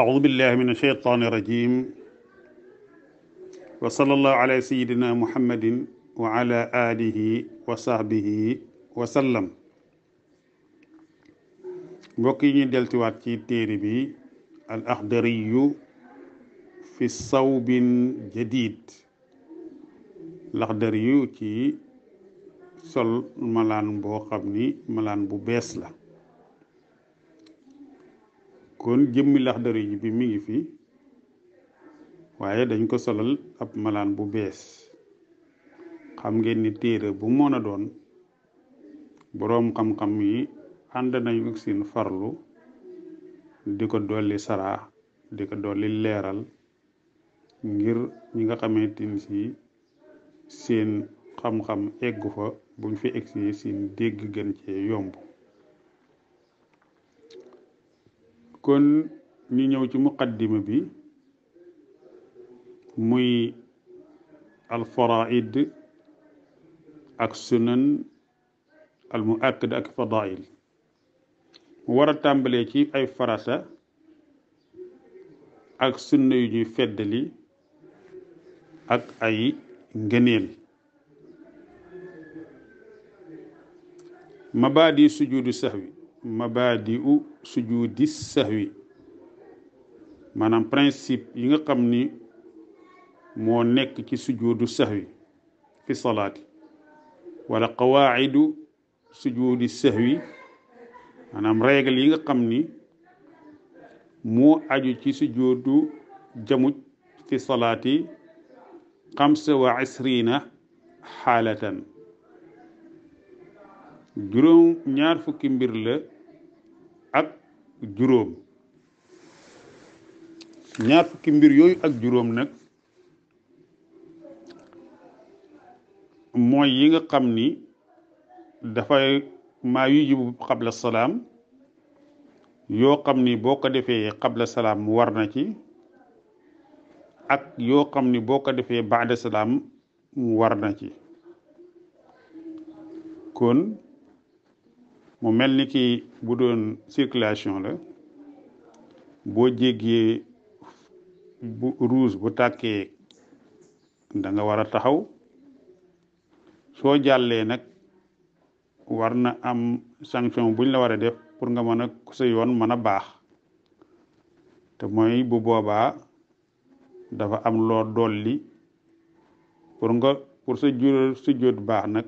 أعوذ بالله من الشيطان الرجيم وصلى الله على سيدنا محمد وعلى آله وصحبه وسلم بوكي ني دلتي وات تيري بي الأخضري في صوب جديد الأخضري تي سول ملان بو خامني ملان بو بيس kon jëmmi dëre yi bi mi ngi fi waaye dañ ko solal ab malaan bu bees xam ngeen ni téere bu mën a doon boroom xam-xam yi ànd nañ ak seen farlu di ko dolli saraa di ko leeral ngir ñi nga xamante tin si seen xam-xam eggu fa buñ fi egsi seen dégg gën cee yomb kon ñu ñëw ci muqaddima bi muy alfaraid ak sunan al muakkad ak fadail mu tàmbalee ci ay farata ak sunna yu ñuy feddali ak ay ngëneel mabaadi sujudu sahwi mabaadi u sujudi sahwi maanaam principe yi nga xam ni moo nekk ci sujudu sahwi fi salaati wala qawaidu sujudi wi maanaam règle yi nga xam ni moo aju ci sujudu jamuj fi salaati xamsa wa isrina xaalatan juróom ñaar fukki mbir la juróom ñaar fukki mbir yooyu ak juróom nag mooy yi nga xam ni dafa maa yu jibu xabla salaam yoo xam ni boo ko defee xabla salaam war na ci ak yoo xam ni boo ko defee baada salaam war na ci kon mu mel ni ki bu doon circulation la boo jéggee bu rouge bu tàkkee da nga war a taxaw soo jàllee nag war na am sanction buñ la war a def pour nga mën a sa yoon mën a baax te mooy bu boobaa dafa am loo dolli pour nga pour sa jur sa jóot baax nag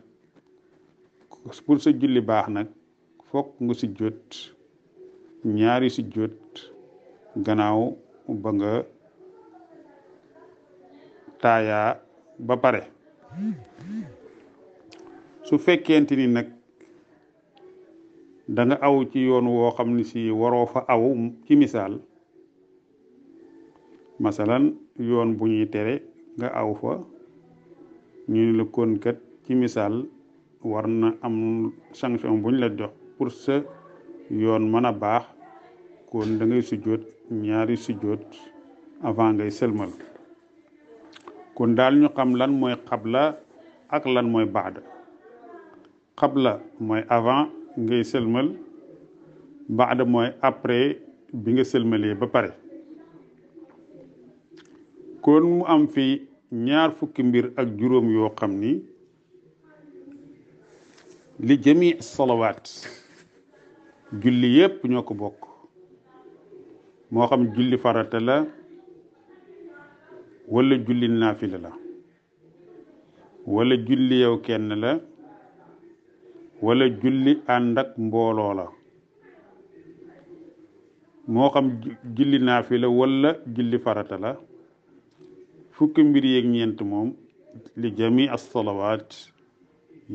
pour sa julli baax nag Fok nga nyari ñaari jot gannaaw ba nga taayaa ba pare su fekkente ni nag da nga aw ci yoon woo xam si waroo fa aw ci misaal masalan yoon bu ñuy tere nga aw fa ñu kon kat ci misaal war na am sanction buñ la jox pour sa yoon mën a baax kon da ngay sujjoot ñaari sujjoot avant ngay sëlmal kon daal ñu xam lan mooy xabla ak lan mooy baada xabla mooy avant ngay sëlmal baada mooy après bi nga sëlmalee ba pare kon mu am fi ñaar fukki mbir ak juróom yoo xam ni li jami salawaat julli yépp ñoo ko bokk moo xam julli farata la wala julli naafila la wala julli yow kenn la wala julli ànd ak mbooloo la moo xam julli naafila wala julli farata la fukki mbir yeeg ñeent moom li jami as-salawaat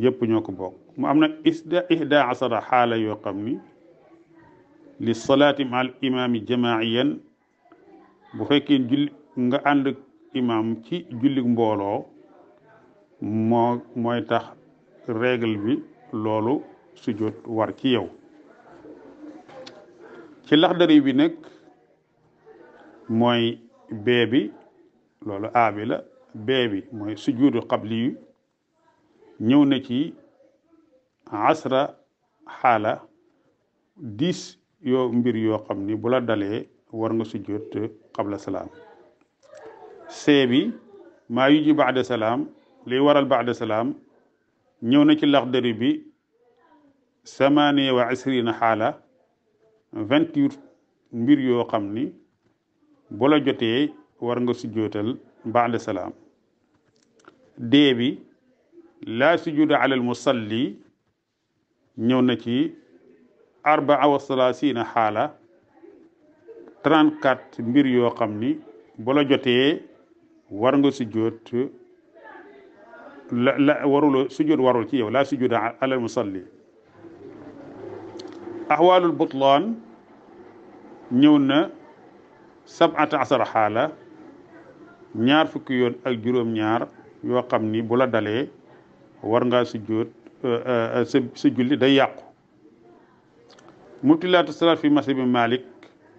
yépp ñoo ko bokk mu am nag isda ihda asara xaala yoo xam ni li salaati ma al imaami jamaa'iyan bu fekkee julli nga imam ci jullik mbooloo moo mooy tax règle bi loolu sujjóot war ci yow ci lax Laxdari bi nag mooy bee bi loolu abila bi la bee bi mooy sujjóotu qabli ñëw na ci asra xaala dix yoo mbir yoo xam ni bu la dalee war nga sujjóot qabla salaam see bi maa yu ji baada salaam liy waral baada salaam ñëw na ci Laxdari bi samaaniya wa isrina xaala vingt mbir yoo xam ni bu la jotee war nga sujjóotal baada salaam dee bi laa sujuda ala al musalli ñëw na ci arbaa wa salaasina hala 34 mbir yo xam ni bu la jotee war nga la la warul sujjóot warul ci yow laa sujjóot ala musalli axwaalul butlaan ñëw na sab'ata asara nyar ñaar fukki yoon nyar, juróom-ñaar yoo dale warung bu la dalee war ngaa euh, euh, euh, julli day mutilaatu salaat fi masibi malik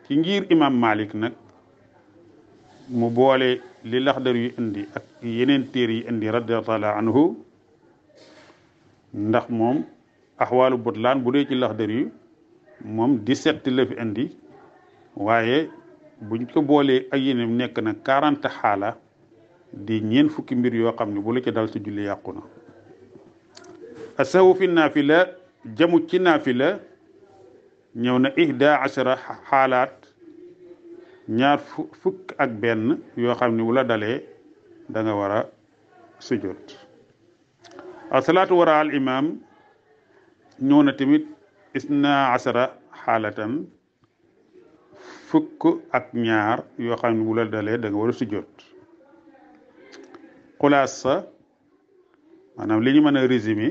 ci ngir imam malik nag mu boole li laxdar yu indi ak yeneen téer yi indi radiallahu taala anhu ndax moom axwaalu botlaan bu dee ci der yu moom di sept la fi indi waaye buñ ko boole ak yeneen nekk na quarante xaala di ñeent fukki mbir yoo xam ne bu la ca dal si julli yàqu na asawu fi naafila jamu ci naafila ñëw na ihda xaalaat ñaar fukk ak benn yoo xam ne wu la dalee da nga war a sujjóot asalaatu wara al imam ñëw na tamit isna ashara xaalatan fukk ak ñaar yoo xam ne wu dale dalee da nga war a sujjóot xulaasa maanaam li ñu mën a résumé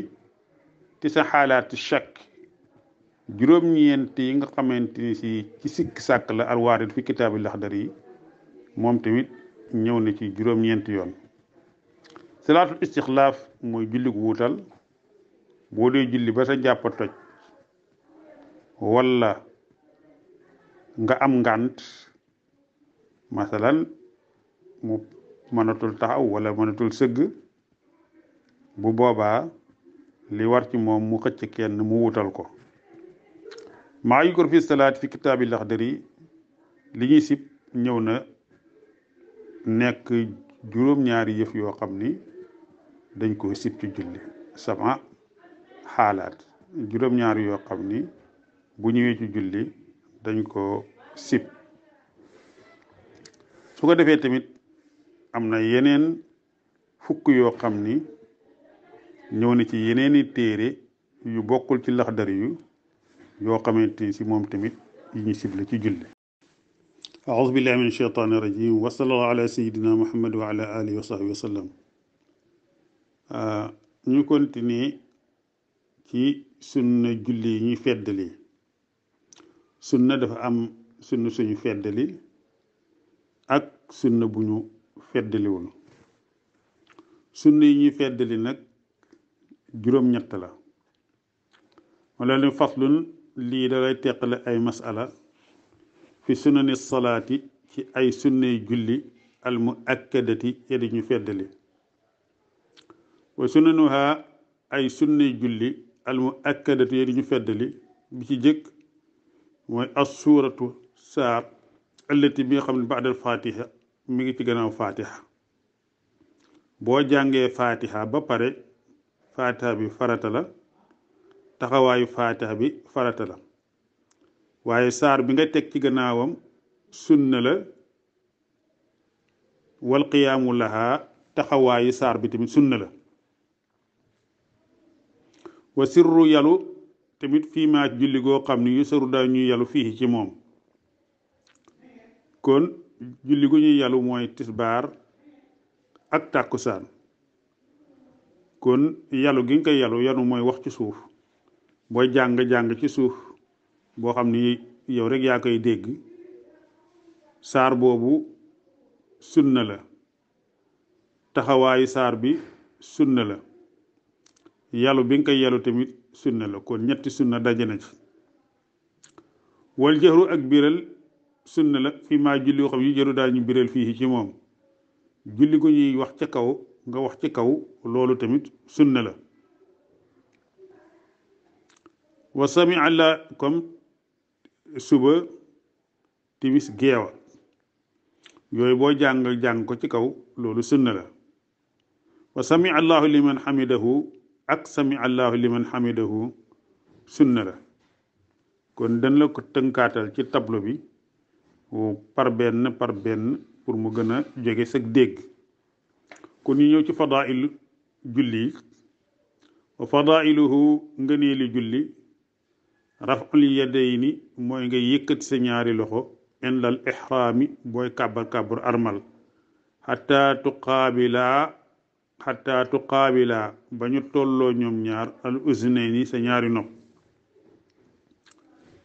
ci sa xaalaatu juróom-ñeent yi nga xamante ni si ci sikk sàkk la alwaarid fi kitaabi laxdar yi moom tamit ñëw na ci juróom-ñeent yoon salaatul istixlaaf mooy julli gu wuutal boo dee julli ba sa jàppa toj walla nga am ngànt masalan mu mënatul taxaw walla mënatul sëgg bu boobaa li war ci moom mu xëcc kenn mu wutal ko maa yukar fi salaat fi kitaabi laxdari li ñuy sib ñëw na nekk juróom-ñaari yëf yoo xam ni dañ ko sib ci xaalaat juróom yoo xam ni bu ñëwee ci julli dañ ko sib su ko defee tamit am na yeneen fukk yoo xam ni ñëw na ci yeneeni téere yu bokkul ci laxdari yu yoo xamante si moom tamit yi ñu ciblé ci julli أعوذ بالله من الشيطان الرجيم وصلى الله على سيدنا محمد وعلى آله وصحبه وسلم ñu continuer ci sunna julli yi ñuy feddali sunna dafa am sunna suñu feddali ak sunna bu ñu feddaliwul sunna yi ñuy feddali nag juróom-ñett la wala lu faslun lii dalay teqale ay masala fi sunani salaati ci ay sunnay julli ñu feddali wa sunanuha julli al mu akkadati yadi ñu feddali bi ci jëkk mooy as suuratu saar allati bi nga xam ne baadal fatiha mi ngi ci gannaaw fatiha boo jàngee fatiha ba pare fatiha bi farata la taxawaayu faatiha bi farata la waaye saar bi nga teg ci gannaawam sunna la wal qiyaamu laha taxawaayu saar bi tamit sunna la wa sirru yalu tamit fii maa julli goo xam ni yu saru daa ñuy yalu fii ci moom kon julli gu ñuy yalu mooy tisbaar ak tàkkusaan kon yalu gi nga koy yalu yanu mooy wax ci suuf booy jàng jàng ci suuf boo xam ni yow rek yaa koy dégg saar boobu sunna la taxawaayu saar bi sunna la yalu bi nga koy yalu tamit sunne la kon ñetti sunna daje na ci wal jëru ak biral sunna la fi maa julli yoo xam yu jëru daal ñu biral fii ci moom julli gu ñuy wax ca kaw nga wax ci kaw loolu tamit sunna la wa samia la comme suba timis geewa yooyu boo jàng jàng ko ci kaw loolu sunna la wa sami allahu liman xamidahu ak sami allahu liman xamidahu sunna la kon dañ la ko tënkaatal ci tableau bi par benn par benn pour mu gën a jóge sag dégg kon ñu ñëw ci fadail julli wa fadailuhu ngëneeli julli raful yadey ni mooy nga yëkkati sa ñaari loxo indal ixraami booy kàbbar kàbbar armal xata tuqaabilaa xata tuqaabilaa ba ñu tolloo ñoom ñaar al usneyni sa ñaari nopp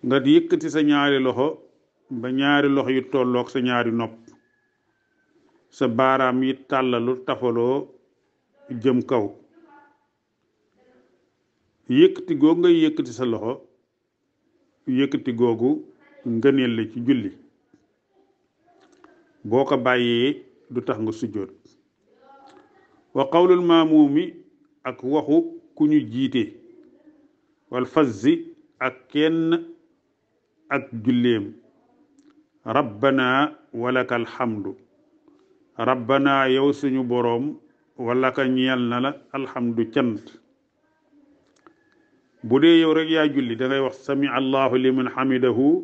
nga yëkkati sa ñaari loxo ba ñaari loxo yu tolloog sa ñaari nopp sa baaraam yi tàllalu tafaloo jëm kaw yëkkati goo ngay yëkkati sa loxo yëkkati googu ngëneel la ci julli boo ko bàyyee du tax nga sujjóot wa qawlul maamuumi ak waxu ku ñu jiite wal fazzi ak kenn ak julleem rabbana walakal xamdu rabbana yow suñu boroom walaka ñeel na la alxamdu cant bu dee yow rek yaa julli da ngay wax sami allahu liman xamidahu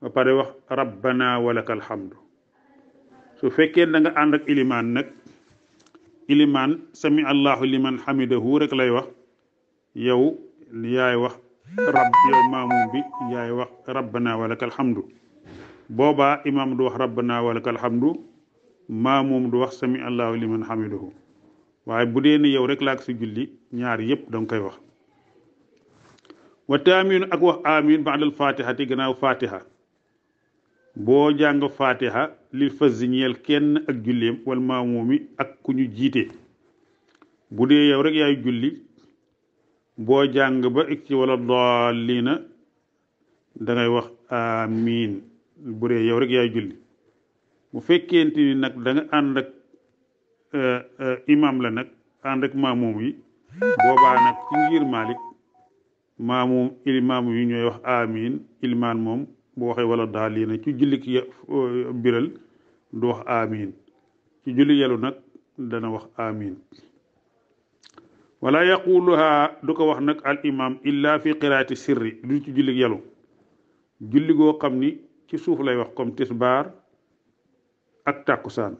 ba pare wax rabbana walaka alhamdu su fekkee da nga ànd ak ilimaan nag ilimaan sami allahu liman xamidahu rek lay wax yow yaay wax rab yow wax rabbana walaka alhamdu boobaa imaam du wax rabbana walaka alhamdu maamum du wax sami allahu liman xamidahu waaye bu dee ne yow rek laak si julli ñaar yëpp danga koy wax wata amin ak wax amin ba al fatiha ti gnaaw fatiha bo jang fatiha li fazi ñel kenn ak jullem wal maamumi ak kuñu jité budé yow rek yaay julli bo jang ba ik ci wala dallina da ngay wax amin budé yow rek yaay julli bu fekkenti ni nak da nga and ak eh, eh, imam la nak and ak maamumi boba nak ci ngir malik maamu maamu yi ñoy wax amin ilimaan mom bu waxe wala dalina ci jullik ya, biral du wax amin ci julli yelu nak dana wax amin wala yaquluha du ko wax nak al imam illa fi qiraati sirri du ci jullik yelu julli go xamni ci suuf lay wax comme tisbar ak takusan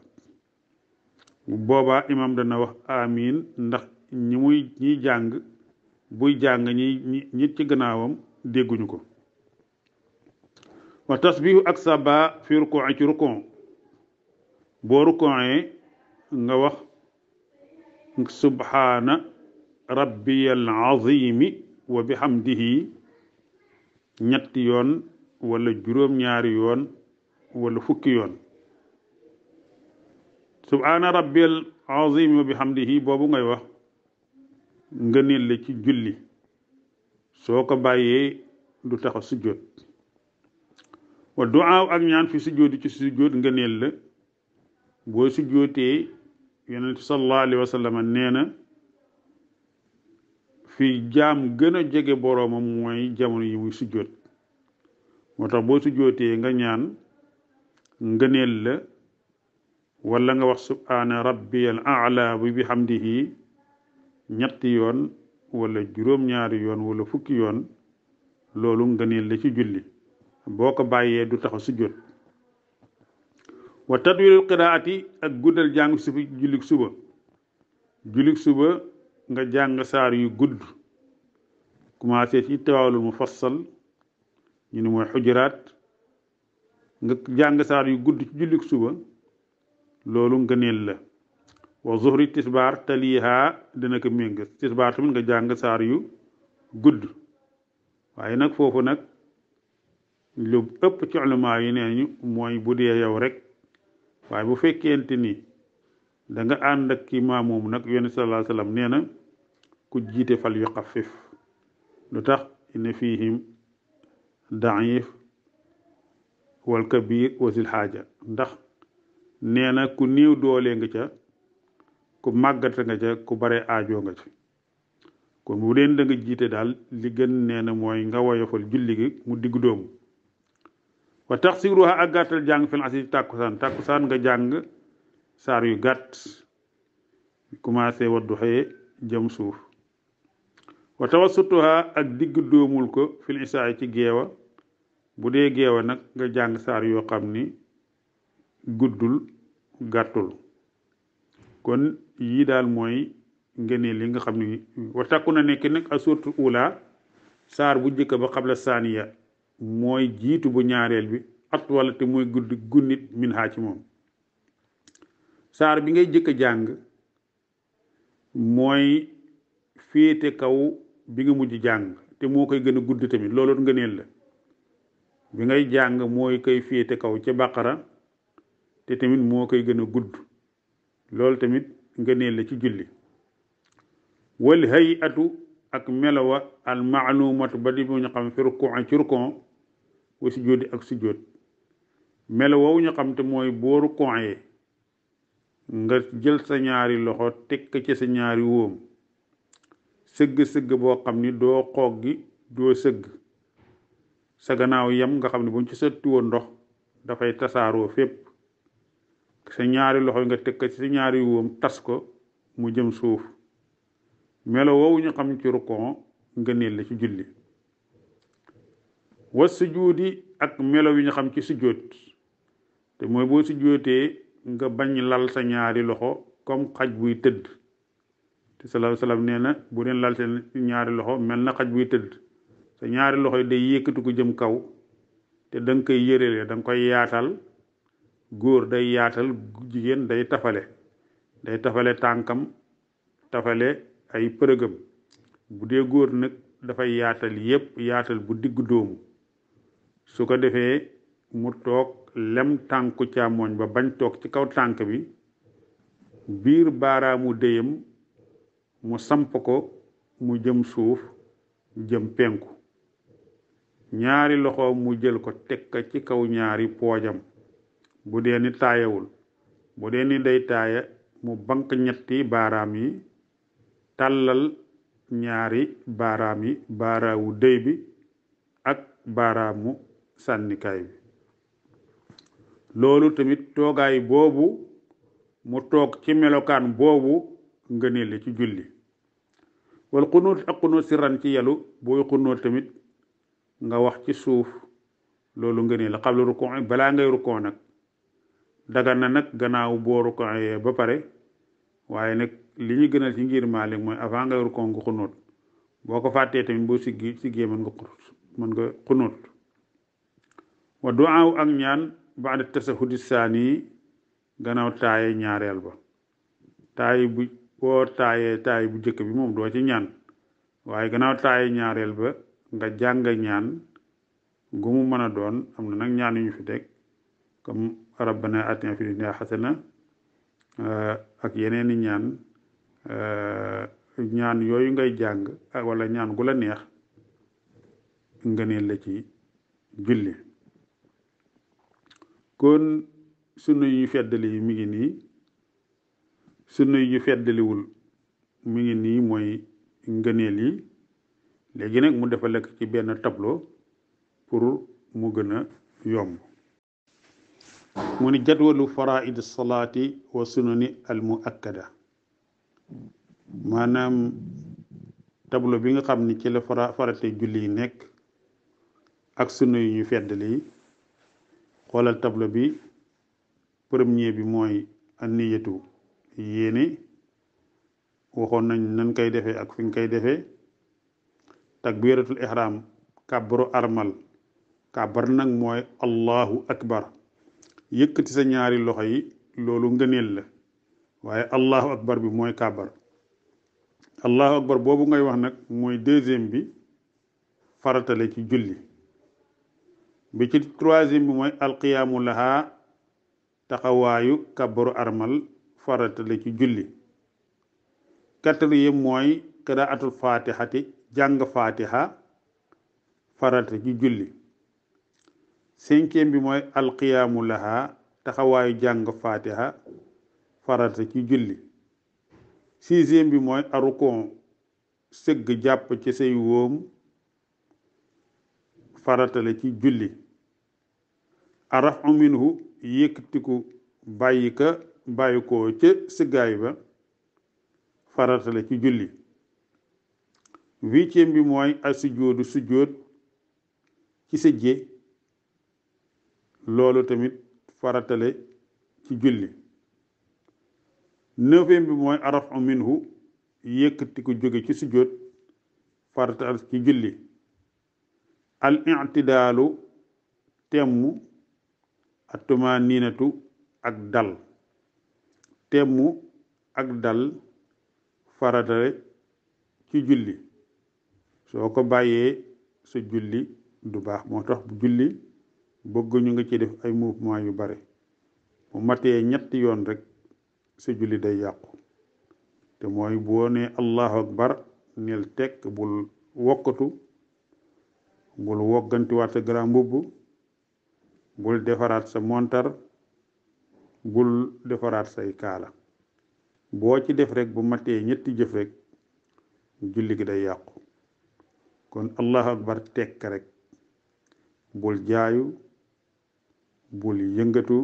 boba imam dana wax amin ndax ñi muy ñi jang buy jàng ñi ñi ci gannaawam dégguñu ko wa tasbihu ak saba fi rukon ci rukon boo nga wax subhaana rabbiyal azimi wa bihamdihi ñetti yoon wala juróom-ñaari yoon wala fukki yoon subhaana rabbiyal azimi wa bihamdihi boobu ngay wax ngëneel la ci julli soo ko bàyyee du tax a sujjóot wa duaaw ak ñaan fi sujjóoti ci sujjóot ngëneel la boo sujjóotee yonent sallallahu alayhi wa sallam nee na fi jaam gëna jege boroomam mooy jamono yi muy sujjóot moo tax boo sujjóotee nga ñaan ngëneel la walla nga wax subhaana rabbiyal a'la bi bihamdihi ñetti yoon walla juróom-ñaari yoon wala fukki yoon loolu ngëneel la ci julli boo ko bàyyee du taxa sujjóot wa tadwirul qiraati ak guddal jàng sufi jullik suba jullik suba nga jàng saar yu gudd commencé ci tawaawul mufassal ñu ne mooy xujuraat nga jàng saar yu gudd ci jullik suba loolu ngëneel la wa zuhri tisbaar taliha dina ko méng tisbaar tamit nga jàng saar yu gudd waaye nag foofu nag lu ëpp ci ulama yi nee mooy bu dee yow rek waaye bu fekkente ni da nga ànd ak ki maamoom nag yonent sallallahu alayhi wasallam nee na ku jiite fal yu xafif lu tax inna fihim daif wal wasil xaaja ndax nee na ku néew doole nga ca ko maggata nga ca ko bare aajo nga ca ko mu leen da nga jiite daal li gën neena mooy nga woyofal julli gi mu digg doomu wa taxsiruha ak gàttal jàng fil asi takkusaan takkusaan nga jàng saar yu gàtt commencé wadduxee jëm suuf wa tawasutuha ak digg doomul ko fil isaay ci geewa bu dee geewa nag nga jàng saar yoo xam ni guddul gàttul kon yii daal mooy ngëneel li nga xam ne takku na nekk nag asuratul ula saar bu njëkk ba xabla saaniya mooy jiitu bu ñaareel bi at wala te mooy gudd ci moom saar bi ngay jëkk a jàng mooy féete kaw bi nga jàng te moo koy gën a gudd tamit looloot ngëneel la bi ngay jàng mooy koy féete kaw ca bàqara te tamit moo koy gën a gudd loolu tamit ngëneel la ci julli wal atu ak melowa al maalumatu ba di bu ñu xam fi rukon wa sujjóoti ak sujjóot melo woowu ñu xam te mooy boo rukon nga jël sa ñaari loxo tekk ci sa ñaari wóom sëgg-sëgg boo xam ni doo xoog gi doo sëgg sa gannaaw yem nga xam ne buñ ci sotti woon ndox dafay tasaaroo fépp sa ñaari loxo yi nga teg ko ci sa ñaari woom tas ko mu jëm suuf melo woowu ñu xam ci rukon ngëneel la ci julli wa sujuudi ak melo yi ñu xam ci sujoot te mooy boo sujootee nga bañ lal sa ñaari loxo comme xaj buy tëdd te sallallahu alayhi nee na bu leen lal ñaari loxo mel na xaj buy tëdd sa ñaari loxo yi day yëkkati ko jëm kaw te da nga koy yërelee da nga koy yaatal góor day yaatal jigéen day tafale day tafale tànkam tafale ay përëgam bu dee góor nag dafay yaatal yépp yaatal bu digg doomu su ko defee mu toog lem tànku càmmoñ ba bañ toog ci kaw tànk bi biir baaraamu déyam mu samp ko mu jëm suuf jëm penku ñaari loxo mu jël ko tekka ci kaw ñaari poojam bu dee ni taayawul bu dee ni day taaya mu bank ñetti baaraam yi tàllal ñaari baaraam yi baaraawu dëy bi ak baaraamu sànnikaay bi loolu tamit toogaay boobu mu toog ci melokaan boobu ngëneel la ci julli wal xunóot ak xunóot sirran ci yelu booy xunóot tamit nga wax ci suuf loolu ngëneel la xabla rukon balaa nag dagan na nag gannaaw booru rukoxee ba pare waaye nag li ñu gënal ci ngir Maalik mooy avant nga rukoo nga xunóot boo ko fàttee tamit boo siggi siggee mën nga mën nga xunóot wa duaaw ak ñaan baada tasahudi saani gannaaw taaye ñaareel ba taaye bu boo taayee taaye bu jëkk bi moom doo ci ñaan waaye gannaaw taaye ñaareel ba nga jàng ñaan gu mu mën a doon am na nag ñaan yu ñu fi teg rabbana atina fi dunya xasana eh, ak yeneeni i ñaan eh, ñaan yooyu ngay jàng wala ñaan gu la neex ngëneel la ci julli kon sunu yu feddali mi ngi nii sunu yu feddaliwul mi ngi nii mooy ngëneel yi léegi nag mu defal lekk ci benn tableau pour mu gën a yomb mu ni jadwalu faraidi salaati wa sunani al muakkada maanaam tableau bi nga xam ni ci la fara farate julli yi nekk ak sunna yu ñu feddali xoolal tableau bi premier bi mooy anniyatu yéene waxoon nañ nan koy defee ak fi nga koy defee takbiratul ihram kàbbaru armal kàbbar nag mooy allahu akbar yëkkati sa ñaari loxo yi loolu ngëneel la waaye allahu akbar bi mooy kàbbar allahu akbar boobu ngay wax nag mooy deuxième bi faratale ci julli bi ci troisième bi mooy alqiyaamu lahaa taxawaayu kàbbaru armal faratale ci julli quatrième mooy qiraatul fatihati jàng fatiha farata ci julli cinquième bi mooy alqiyaamu laha taxawaayu jàng fatiha farata ci julli sixième bi mooy arukon sëgg jàpp ci say wóom farata la ci julli arafu minhu yëkkatiku bàyyi ka ca sëggaay ba farata la ci julli huitième bi mooy asujoodu sujood ci sa loolu tamit faratale ci julli neuvième bi mooy arafu minhu yëkkati ko jóge ci sujjóot faratal ci julli al intidaalu temmu atuma niinatu ak dal temmu ak dal faratale ci julli soo ko bàyyee sa julli du baax moo tax bu julli bëgg ñu nga ci def ay mouvement yu bare bu matee ñetti yoon rek sa julli day yàqu te mooy boo nee allahu akbar neel tekk bul wokkatu bul woggantiwaat sa grand mbubb bul defaraat sa montar bul defaraat say kaala boo ci def rek bu matee ñetti jëf rek julli gi day yàqu kon allahu akbar tekk rek bul jaayu bul yëngatu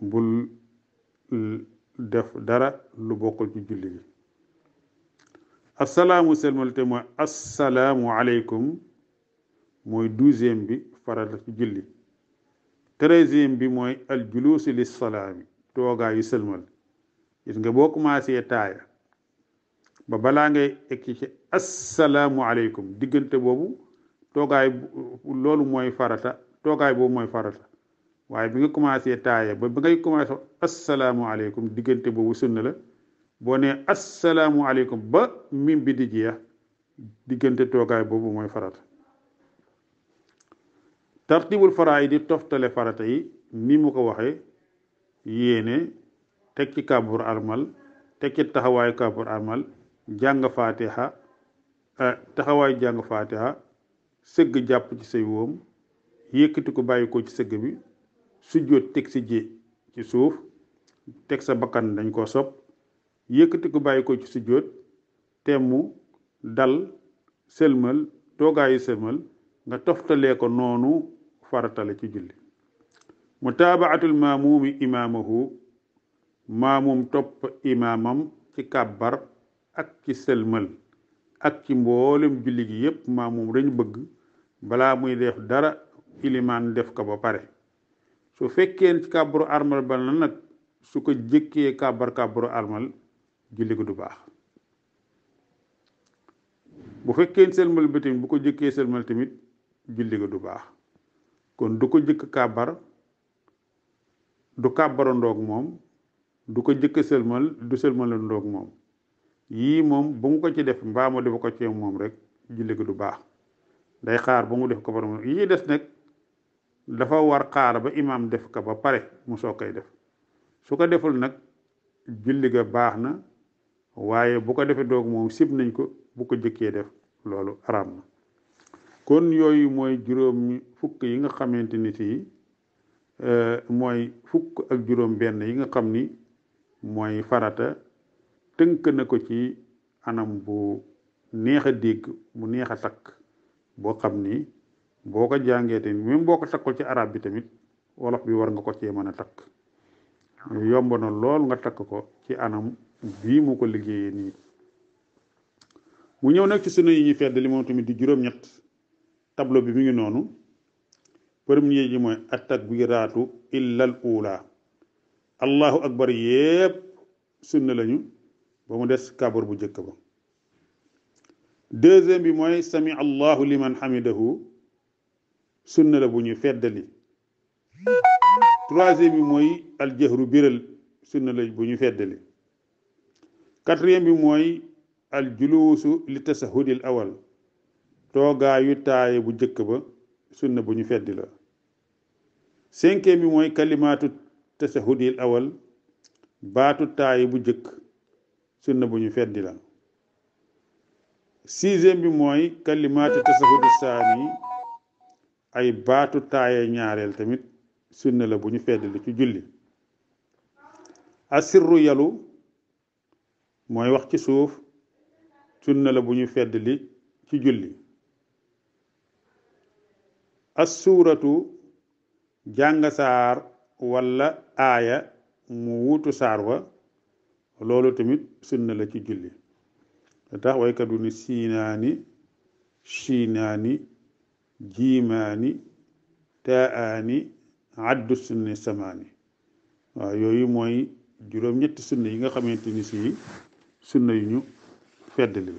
bul def dara lu bokkul ci julli gi assalaamu selmal te mooy assalaamu aleykum mooy douzième bi farata ci julli treizième bi mooy al juluusi li salaami toogaayu selmal gis nga boo commencé taaya ba balaa ngay egg ci assalaamu aleykum diggante boobu toogaay loolu mooy farata toogaay boobu mooy farata waaye bi nga commencé taaya ba bi ngay commencé asalaamualeykum diggante boobu sunna la boo nee asalaamualeykum ba mim bi di jeex diggante toogaay boobu mooy farata tartibul faraa yi di toftale farata yi ni mu ko waxee yéene teg ci kàbbur armal teg ci taxawaayu kàbbur armal jàng faatiha eh, taxawaayu jàng faatiha sëgg jàpp ci say wóom yëkkati ko bàyyi ci sëgg bi sujjóot teg si ji ci suuf teg sa bakkan dañ koo sopp yëkkati ko bàyyi ko ci sujjóot temmu dal sëlmal toogaayu sëlmal nga toftale ko noonu faratale ci julli mu mutaabacatul maamuumi imaamahu maamum topp imaamam ci kàbbar ak ci sëlmal ak ci mboolem julli gi yépp maamum dañu bëgg bala muy def dara ilimaan def ko ba pare su fekkee ci kàbbaru armal ba la nag su ko jëkkee kabar kàbbaru armal julli ko du baax bu fekkee sëlmal bi tamit bu ko jëkkee sëlmal tamit julli ko du baax kon du ko jëkk kàbbar du kàbbara ndoog moom du ko jëkk sëlmal du sëlmala ndoog moom yii moom bu mu ko ci def mbaa mu def ko ci moom rek julli ko du baax day xaar ba mu def ko moom yi des nag dafa war xaar ba imaam def ka ba pare mu soog koy def su ko deful nag julli ga baax na waaye bu ko defee doog moom sib nañ ko bu ko jëkkee def loolu araam na kon yooyu mooy juróom fukk yi nga xamante ni si eh, mooy fukk ak juróom benn yi nga xam ni mooy farata tënk na ko ci anam bu neex a dégg mu neex a takk boo xam ni boo ko jàngee tamit même boo ko takkul ci arab bi tamit wolof bi war nga ko cee mën a takk ah. yomb na lool nga takk ko ci anam bii mu ko liggéeyee nii mu ñëw nag ci sunna yi ñu fedd li moom tamit di juróom-ñett tablo bi mi ngi noonu premier ji mooy attakbiratu illa al ula allahu akbar yépp sunna lañu ba mu des kabar bu jëkk ba deuxième bi mooy samia allahu liman xamidahu sunna la bu ñu feddali troisième bi mooy aljahru biral sunna la bu ñu feddali quatrième bi mooy aljuluusu li tasahudil awal toogaayu taaye bu jëkk ba sunna bu ñu feddi la cinquième bi mooy kalimaatu tasahudil awal baatu bu njëkk sunna bu ñu la sixième bi mooy kalimaatu ay baatu taaye ñaareel tamit sunna la bu ñu feddali ci julli asirru yalu mooy wax ci suuf sunna la bu ñu feddali ci julli asuuratu jàng saar walla aaya mu wuutu saar wa loolu tamit sunna la ci julli da tax waykat ni siinaani siinaani jiimaani taaani addu sunni samaani waa yooyu mooy juróom-ñetti sunna yi nga xamante ni si sunna yu ñu feddali